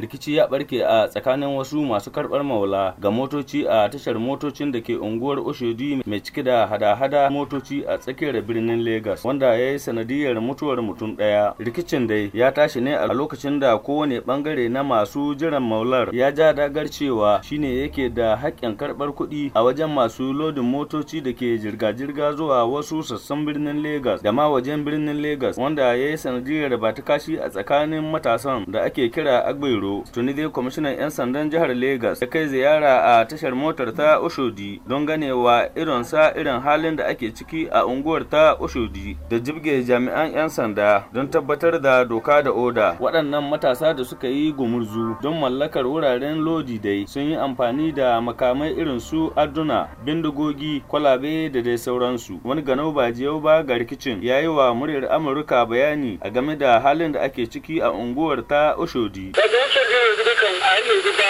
rikici ya barke a tsakanin wasu masu karbar maula ga motoci a tashar motocin da ke unguwar oshodi mai cike da hada-hada motoci a tsakiyar birnin Legas, wanda ya yi sanadiyar mutuwar mutum daya rikicin dai ya tashi ne a lokacin da kowane bangare na masu jiran maular ya ja dagar cewa shine yake da haƙƙin karbar kuɗi a wajen masu lodin motoci da ke jirga-jirga zuwa wasu sassan birnin Legas da ma wajen birnin Legas, wanda ya yi sanadiyar ba ta kashi a tsakanin matasan da ake kira agbairu Okoro tuni dai kwamishinan 'yan sandan jihar Legas ya kai ziyara a tashar motar ta Oshodi don ganewa irin sa irin halin da ake ciki a unguwar ta Oshodi da jibge jami'an 'yan sanda don tabbatar da doka da oda. Waɗannan matasa da suka yi gumurzu don mallakar wuraren lodi dai sun yi amfani da makamai irin su aduna bindigogi, kwalabe da dai sauransu. Wani ganau ba jiyau ba ga rikicin ya yi wa muryar Amurka bayani a game da halin da ake ciki a unguwar ta Oshodi. har yanzu ba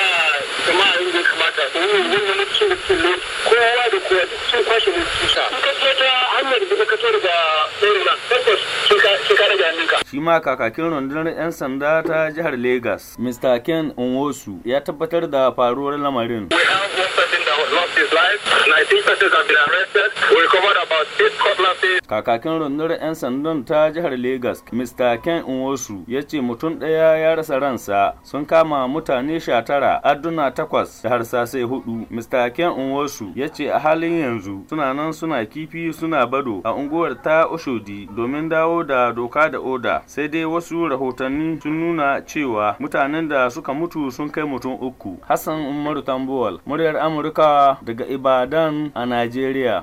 jama'a yin da ya kamata domin wannan lokacin da suke kowa da kowa duk sun kwashe mulkin sa in ka je ta hanyar da ka fito daga ɗorewa da sai ka rage hannunka. shi ma kakakin rundunar 'yan sanda ta jihar lagos mr ken nwosu ya tabbatar da faruwar lamarin. we have lost Kakakin rundunar 'yan sandan ta jihar Legas, Mr. Ken Nwosu, ya ce mutum ɗaya ya rasa ransa sun kama mutane sha tara, adduna takwas da harsasai hudu. Mr. Ken Nwosu ya ce a halin yanzu suna nan suna kifi suna bado a unguwar ta Oshodi domin dawo da doka da oda. Sai dai wasu rahotanni sun nuna cewa mutanen da suka mutu sun kai mutum uku. Hassan Umaru Tambuwal, muryar Amurka daga Ibadan a Najeriya.